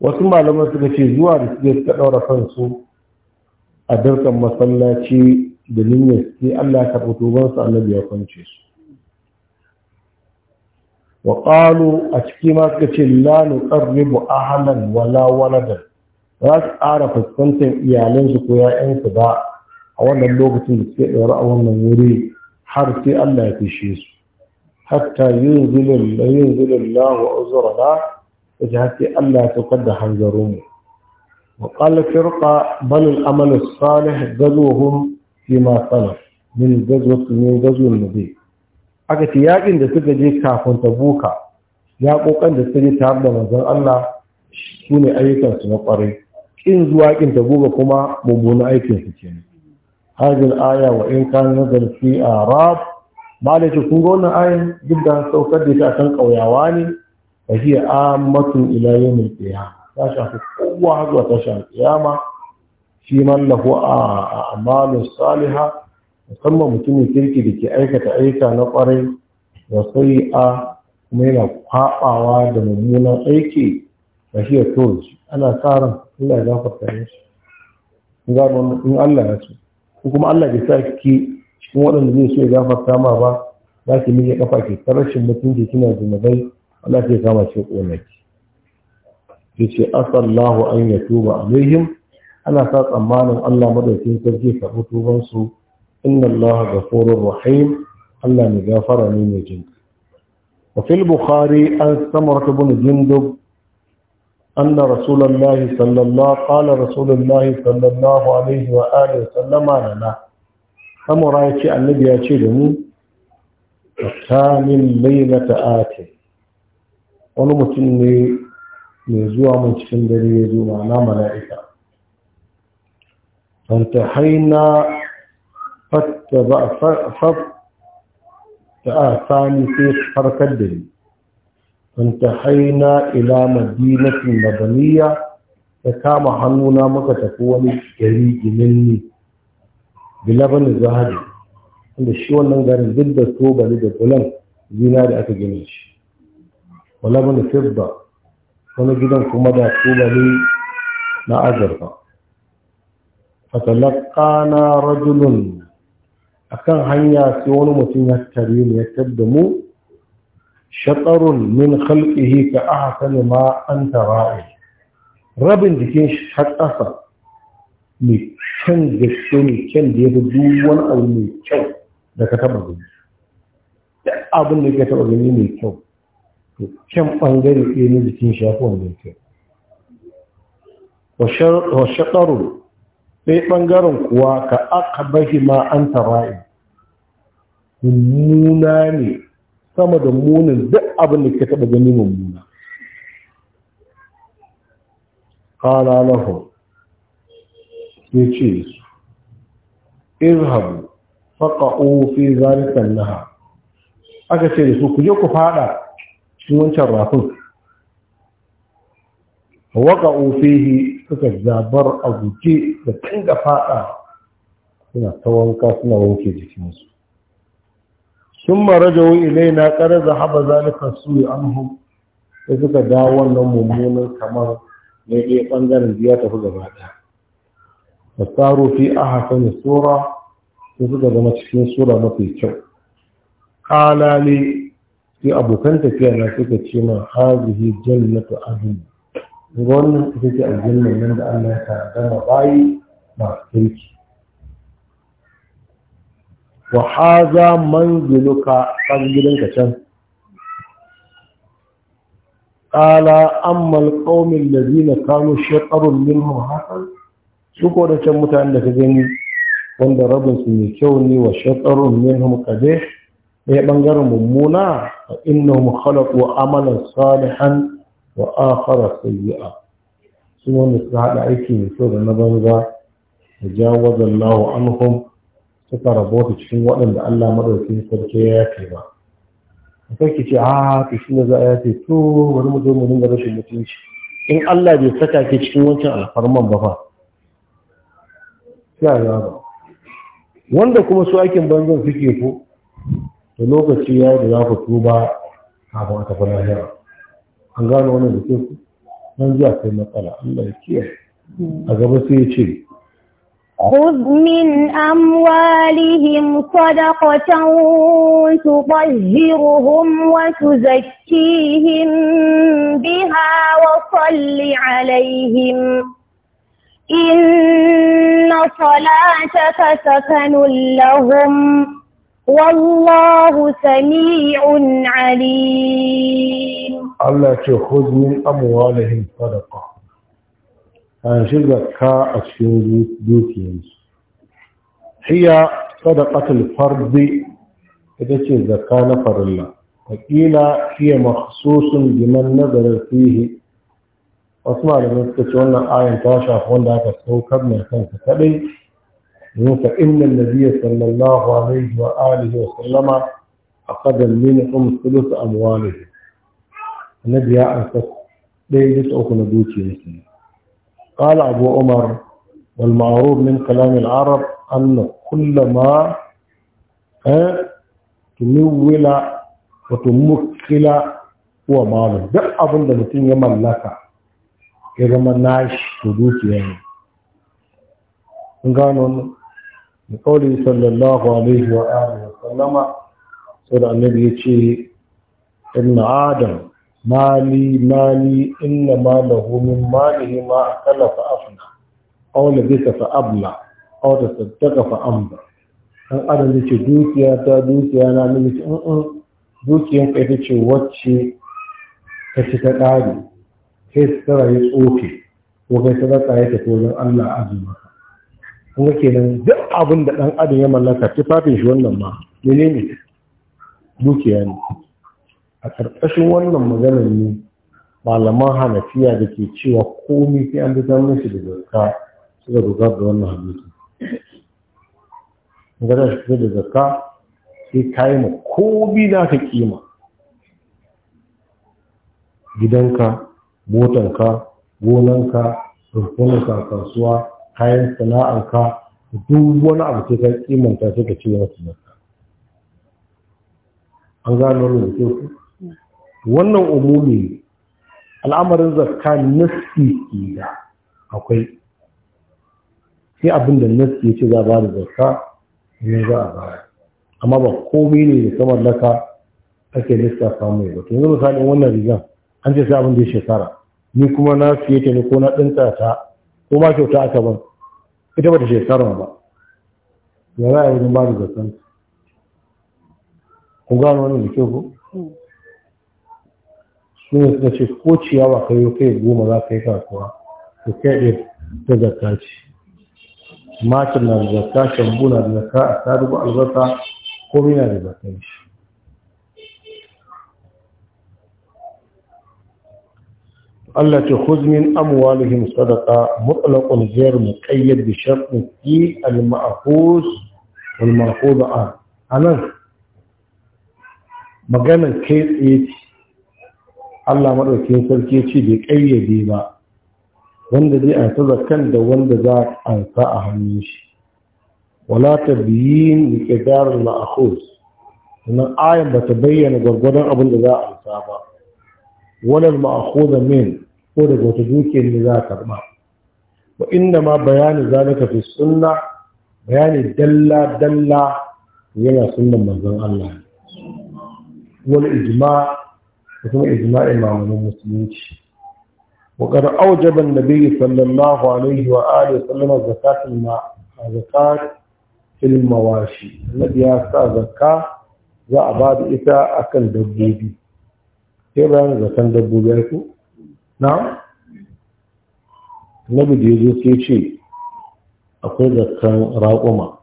wasu malaman suka ce zuwa da suke suka daura kansu a darkan masallaci da niyyar sai Allah ya karɓi tuban su annabi ya kwance su wa qalu a ciki ma suka ce la nuqarribu ahlan wala walada za su ƙara fuskantar iyalansu ko ‘ya’yansu ba a wannan lokacin da suke ɗaura a wannan wuri har sai Allah ya fishe su hatta yunzilu na, uzrana yace hatta Allah ya saukar da hanzarinmu وقال الفرقة بل الأمل الصالح غزوهم فيما صنف من غزوة من غزو zai. aka ce yakin da suka je kafin ta tabuka yaƙoƙan da suka je ta da manzon Allah su ne ayyukansu na ƙwarai in zuwa yakin tabuka kuma mummunan aikinsu kenan hadin aya wa in kana nazar a arab ba da ce kun ga wannan ayin duk da saukar da ita kan ƙauyawa ne shi a matun ilayi mai tsaya ta shafi kowa zuwa ta shafi tsayama shi man a amalu salihah musamman mutumin kirki da ke aikata aika na kwarai da a kuma yana kwabawa da mummunan aiki da shi ya toji ana tsarin Allah ya gafarta shi, in Allah ya ce kuma Allah ya sa ki cikin waɗanda zai so ya gafarta ma ba za ki miƙe ƙafa ki ta rashin mutunci kina zunubai Allah ke kama ce ƙonaki ki? ce asallahu an ya tuba alaihim ana sa tsammanin Allah madaukin sarki karɓi tubansu inna Allah ghafurur rahim Allah mai gafara ne mai jin wa fil bukhari an samar ibn jindub anna rasulullahi sallallahu qala rasulullahi sallallahu alaihi wa alihi wa sallama lana samura ya ce annabi ya ce da mu tamin lailata ati wani mutum ne mai zuwa mun cikin dare ya zo ma'ana mala'ika fanta haina fatta ba ta a sani sai farkar da ni fanta haina ila madinatin labaniya ya kama hannuna muka tafi wani gari ginin da labanin zahabi wanda shi wannan garin duk da tobali da bulan zina da aka gina shi wa labanin fibba wani gidan kuma da tobali na azurfa fatalakana rajulun akan hanya sai wani mutum ya tare mu ya tabda mu shaƙarun min khalqihi ka sani ma anta ra'i rabin jikin shakasa, har mai da gaske ne kyan da ya fi duk wani abu mai kyau da ka taba gani da abin da ka taba gani mai kyau to kyan bangare ɗaya na jikin shi ya kyau wa shaɗaru ɗaya ɓangaren kuwa ka aka bashi ma an tara'i mummuna ne sama da munin duk abin da ka taba gani mummuna قال لهم sai ce su irhabu faƙa'o fi zalikan naha aka ce da su ku je ku fada cikin wancan rafin waƙa'o fihi suka zabar a guje da tun da fada suna ta wanka suna wanke jikinsu sun maraja ilai na ƙarar da zalikan su yi anhu suka dawo wannan mummunan kamar na ɗaya ɓangaren biya tafi gaba ɗaya fasaru fi ahsani sura sai suka zama cikin sura mafi kyau Ƙalale li sai abokan tafiya na suka ce ma hazihi jannatu adn wannan suke ce aljanna nan da Allah ya kaddara bayi masu kirki wa haza manziluka kan gidanka can Ƙala amma alqawmi alladhina kamo shekarun minhum hasan su ko da can mutanen da ka gani wanda rabin su mai kyau ne wa shakarun minhum kabe ɗaya ɓangaren mummuna fa innahum khalaqu amalan salihan wa akhara sayyi'a su wanda suka haɗa aiki mai kyau da na banza da jawaza Allahu anhum suka rabota cikin waɗanda Allah madaukakin sarki ya yafe ba sai ki ce a ah, to shi ne za a yafe to wani mutum mu dinga rashin mutunci in Allah bai saka ki cikin wancan alfarman ba fa sai ba? wanda kuma su aikin banzan suke ko da lokaci ya da za ku tuba kafin a tafi lahira an gano wannan da ku nan zuwa kai matsala Allah ya kiyaye a gaba sai ya ce خذ من أموالهم صدقة تطهرهم وتزكيهم بها وصل عليهم إن صلاتك سكن لهم والله سميع عليم ألا تأخذ من أموالهم صدقة أنا شبك كا أشياء دوكيين هي صدقة الفرد إذا كان فرلا وقيل هي مخصوص لمن نظر فيه wasu malamai suka ce wannan ayan ta shafi wanda aka saukar mai kansa kaɗai domin ka inna nabiya sallallahu alaihi wa alihi wa sallama a kadan min um sulus amwalihi annabi ya ansa ɗaya bisa uku na dukiyarsa قال أبو عمر والمعروف من كلام العرب أن كل ما تمول وتمكل هو مال ده أظن ده متين يملكه ya zama nashi da dukiya ne kun gano da kawai sallallahu alaihi wa alihi wa sallama sau da annabi ya ce Inna adam mali mali inna ma homin mali ne ma akala fa afna aw zai fa abla aw tasaddaqa fa amba An adam zai ce dukiya ta dukiya na nuna ce dukiyan ka ita ce wacce ta ci ta ƙari sai sutura ya tsoke ko kai sadaka ya tafi wajen Allah azuma maka? Kuma kenan duk abin da dan adam ya mallaka tufafin shi wannan ma ne dukiya ne a karkashin wannan maganar ne malaman hanafiya da ke cewa komai sai an bi mishi da zakka suka dogara da wannan hadisi gara shi da zakka sai yi ma komi za ka kima gidanka motanka gonanka rukunanka a kasuwa kayan sana'anka duk wani abu sai ka kimanta sai ka ce yana sanarka an gano wannan da ku wannan umumi al'amarin zakka nasi ke da akwai sai abin da nasi ya ce za a ba da zakka ne za a ba amma ba komai ne da kamar laka ake lissafa mai ba to yanzu misalin wannan rigan an ce sai abin da ya shekara ni kuma na fiye ta ne ko na ɗinta ta ko ma kyauta aka ban ita bata shekara ba ya za a yi wajen ba da zaton ku gano wani jikin ku? su ne suka ce ko ciyawa ka yi kai goma za ka yi kasuwa ka kai ɗin ta zakka ce makin na da zakka shambu na da zakka a sadubu albasa komi na da zakka shi Allah ce huzmin amwalihim sadaka mutlaqul ghair muqayyad bi shartin fi al-ma'khuz wal ma'khud an anan maganar kai tsaye ce Allah madaukakin sarki ya ce bai kayyade ba wanda zai ansa zakan da wanda za a ansa a hannun shi wala tabyin li qadar al-ma'khuz wannan ayan bata bayyana gwargwadon abin da za a ansa ba wannan ma'akhuza min ko daga wata duke ne za ka karba wa inda ma bayani zalika fi sunna bayani dalla dalla yana sunnan manzon Allah wal ijma ko kuma ijma imamu musulunci wa aujaban awjaba an-nabiy sallallahu alaihi wa alihi wa sallam zakat ma zakat fil mawashi nabi ya sa zakka za a bada ita akan dabbobi sai bayan zaton dabbobi ya ku na nabi da ya zo ce akwai zaton raƙuma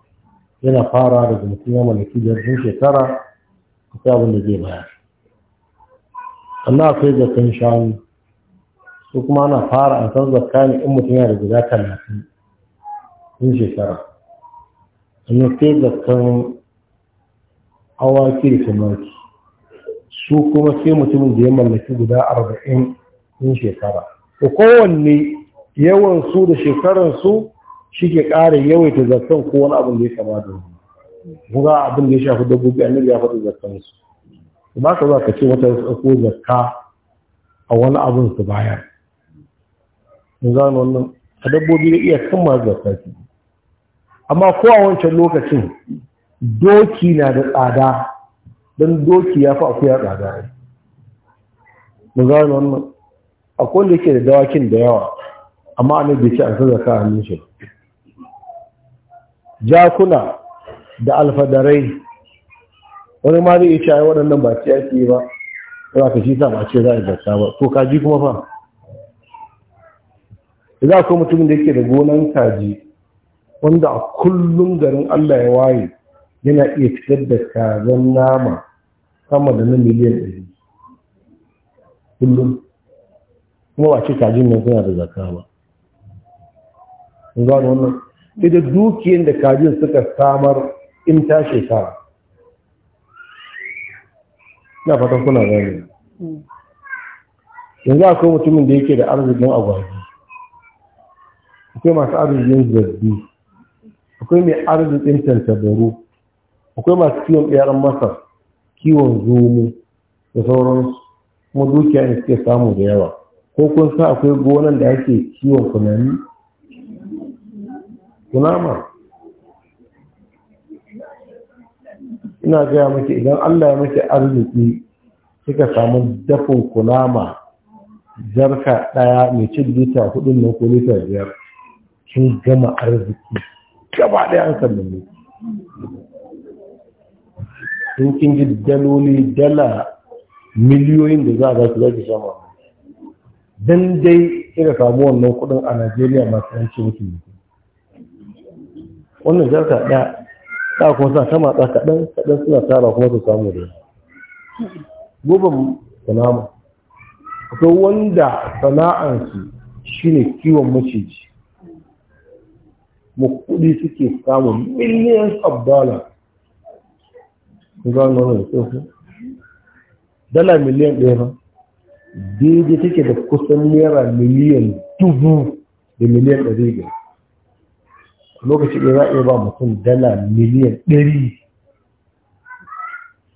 yana fara daga mutum ya mallaki jirgin shekara a abin da zai bayar amma akwai zaton shanu su kuma ana fara a san zakka ne in mutum yana da guda talatin in shekara amma sai zaton awaki da tumaki su kuma sai mutumin da ya mallaki guda arba'in in shekara Ko kowanne yawan su da shekaran su shi ke ƙara yawaita zartan ko wani abin da ya kama da wani kuma abin da ya shafi dabbobi annabi ya faɗi zartan su ba ka za ka ce wata ko zakka a wani abin su bayar mun ni wannan a dabbobi da iya kammala zakka amma ko a wancan lokacin doki na da tsada don doki ya fi akuya tsada mu gano wannan akwai wanda yake da dawakin da yawa amma a bai ce an san zaka hannun shi jakuna da alfadarai wani ma zai ce yi waɗannan ba ce ake ba za ka shi sa ba ce za a zaka ba to kaji kuma fa a kuma mutumin da yake da gonan kaji wanda a kullum garin Allah ya waye yana iya fitar da kazan nama sama da na miliyan ɗari kullum kuma ba ce kajin nan suna da zaka ba in wannan sai da dukiyar da kajin suka samar in ta shekara na fatan kuna gani yanzu akwai mutumin da yake da arzikin agwagi akwai masu arzikin zarbi akwai mai arzikin tantabaru akwai masu kiwon yaran masar kiwon zomo da sauran kuma dukiya ne suke samu da yawa ko kun sa akwai gonan da ake kiwon kunami kunama ina gaya maki idan allah ya maki arziki kika samu dafin kunama jarka ɗaya mai cin lita hudun na ko lita biyar sun gama arziki gaba ɗaya an sallame sun kin ji daloli dala miliyoyin da za a baki za ki don dan dai kika samu wannan kudin a Najeriya masu yanci muke yi wannan jarka ɗaya ta kuma sa ta kaɗan kaɗan suna tara kuma su samu da gobe sanama akwai wanda sana'ansu shine kiwon maciji mu kuɗi suke samun miliyan of dollars gano mai tsofi dala miliyan ɗaya ba daidai take da kusan naira miliyan dubu da miliyan ɗari ga lokaci ɗaya za a iya ba mutum dala miliyan ɗari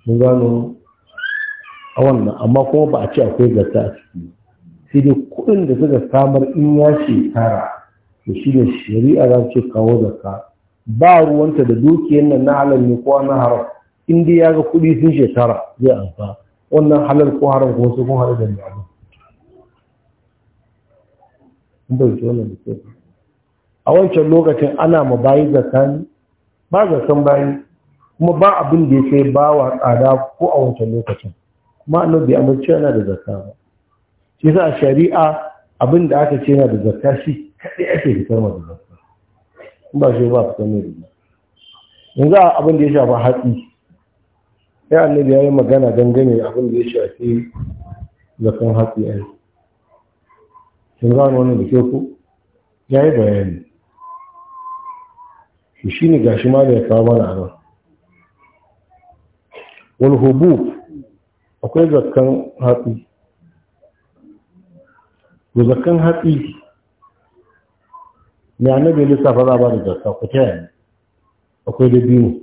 mun gano a wannan amma kuma ba a ce akwai gasa a ciki sai dai kuɗin da suka samar in ya shekara to shi ne shari'a za ce kawo zaka ba ruwanta da dukiyar nan na halal ne ko na haram in ya ga kuɗi sun shekara zai amfa wannan halar ko haram ko su kun hada da ma'ana a wancan lokacin ana ma bayi zakani ba zakan bayi kuma ba abin da ya sai ba wa tsada ko a wancan lokacin kuma annabi bai amince yana da zakka ba shi sa shari'a abin da aka ce yana da zakka shi kaɗai ake fitar ma da zakka ba shi ba fitar ne da yanzu abin da ya shafa hatsi sai annabi ya yi magana dangane abin da ya shafi zafin hatsi ya yi sun gano nuna da ke ku ya yi bayani shi shi ne gashi ma da ya kawo mana a nan walhubu akwai zakan hatsi da zakan hatsi mai annabi lissafa za a ba da zakka ku ta akwai da biyu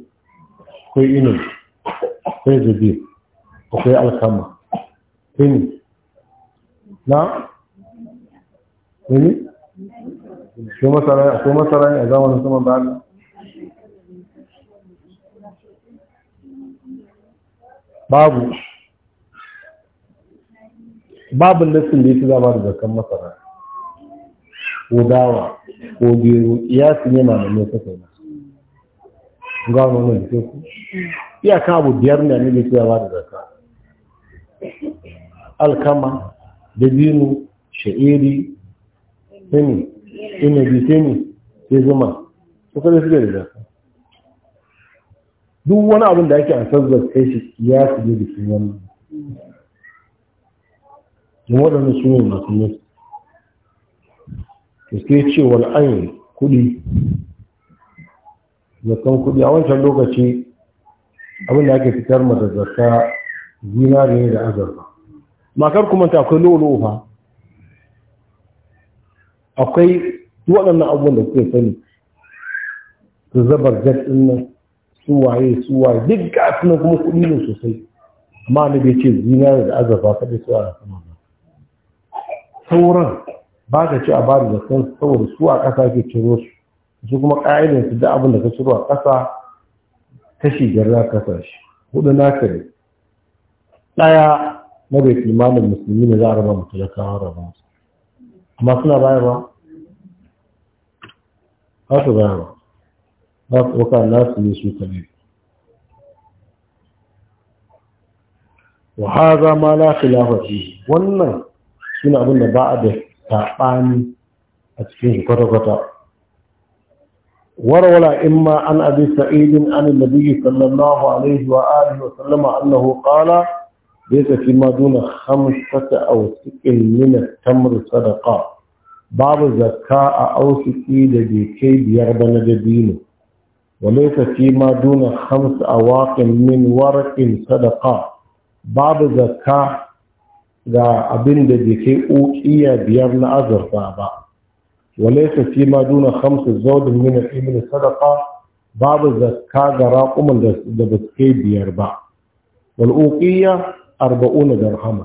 akwai inu akwai zabi akwai alkama kini na kini ko masara ko a zamanin sama ba ne babu babu nassin da fi zama da zakan masara ko dawa ko gero iyasi ne malamai suka yi gano wani da ke iyaka abu biyar ne ne ya ba da zaka alkama dabino sha'iri sani inabi sani sai zuma su kada su da zaka duk wani abin da ake ansar zakka shi ya su da cikin wannan yin waɗanda su ne masu nesa to sai ce yi kuɗi zakan kuɗi a wancan lokaci abin da ake fitar mata zakka ne da azurfa makar kuma ta akwai lolo fa akwai waɗannan abubuwan da suke sani su zabar ɗin nan su waye. duk ga suna kuma kuɗi ne sosai amma na bai ce zina da azurfa kaɗai su a sama sauran ba ta ci a ba da zakkan saboda su a ƙasa ke ciro su su kuma ƙa'idansu da abin da ka ciro a ƙasa kashi biyar za ka sa shi hudu naka ne ɗaya na bai kimanin musulmi ne za a raba mutu da kawo raba su amma suna baya ba ba su baya ba ba su ɗauka nasu ne su kare وهذا ما لا خلاف فيه wannan suna abin da ba a da saɓani a cikin kwata-kwata وروى إما عن أبي سعيد عن النبي صلى الله عليه وآله وسلم أنه قال ليس فيما دون خمسة أو سكل من التمر صدقة باب زكاة أو سكيدة بكي بيغبن دينه وليس فيما دون خمس أواق من ورق صدقة باب زكاة ga abin da bai kai ukiya biyar na azurfa ba walaysa fi ma duna khamsu zawdin min al-ibn sadaqa babu zakka ga raquman da ba su kai biyar ba wal uqiyya 40 dirhama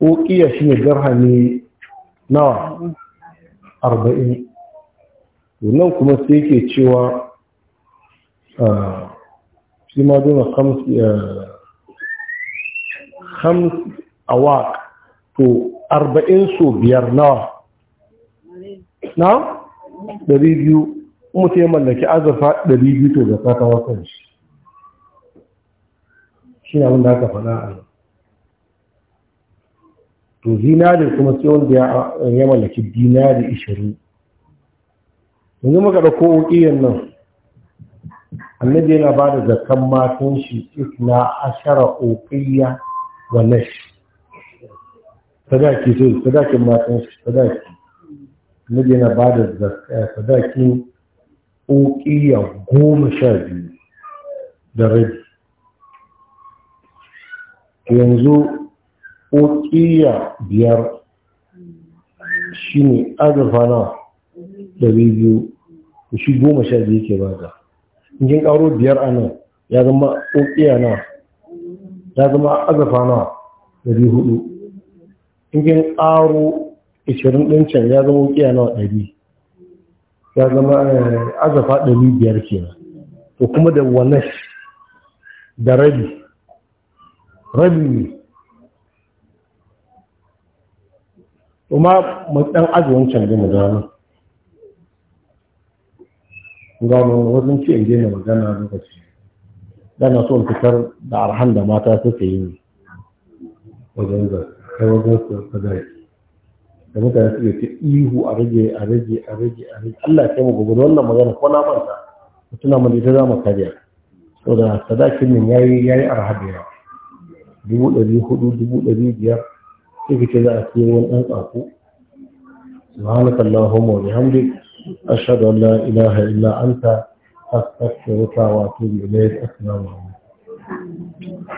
uqiyya shine dirhami nawa 40 nan kuma sai ke cewa shi to arba'in su biyar nawa na ɗari biyu mutu ya mallaki azurfa ɗari biyu to da ta wasan shi shi na wanda da aka faɗa a nan to zinari kuma sai wanda ya mallaki dinari ishirin yanzu maka da wuƙiyan nan annabi yana ba da zakan matan shi na ashara uqiyya wa nashi sadaki sai sadakin matan shi sadaki annabi yana ba da sadakin ƙoƙiya goma sha biyu da rabi yanzu ƙoƙiya biyar shi ne azurfa na ɗari biyu da shi goma sha biyu ke bada ingin ƙaro biyar a nan ya zama ƙoƙiya na ya zama azurfa na ɗari hudu ingin ƙaro ishirin ɗin can ya zama wuƙiya nawa ɗari ya zama eh, azafa ɗari biyar na to kuma da wanesh da rabi rabi ne kuma matsan azuwan can da magana gano wajen ce in daina magana lokaci dana so fitar da arhan da mata suka yi wajen da kai wajen su ka zai da mutane suke ta ihu a rage a rage a rage a rage Allah ya mu gobe wannan magana ko na manta mutuna mun ita za mu karya to da sadakin nan yayi yayi arhabiya dubu ɗari hudu dubu ɗari biyar sai kace za a siya wani ɗan tsako سبحانك اللهم وبحمدك أشهد أن لا إله إلا أنت أستغفرك وأتوب إليك السلام عليكم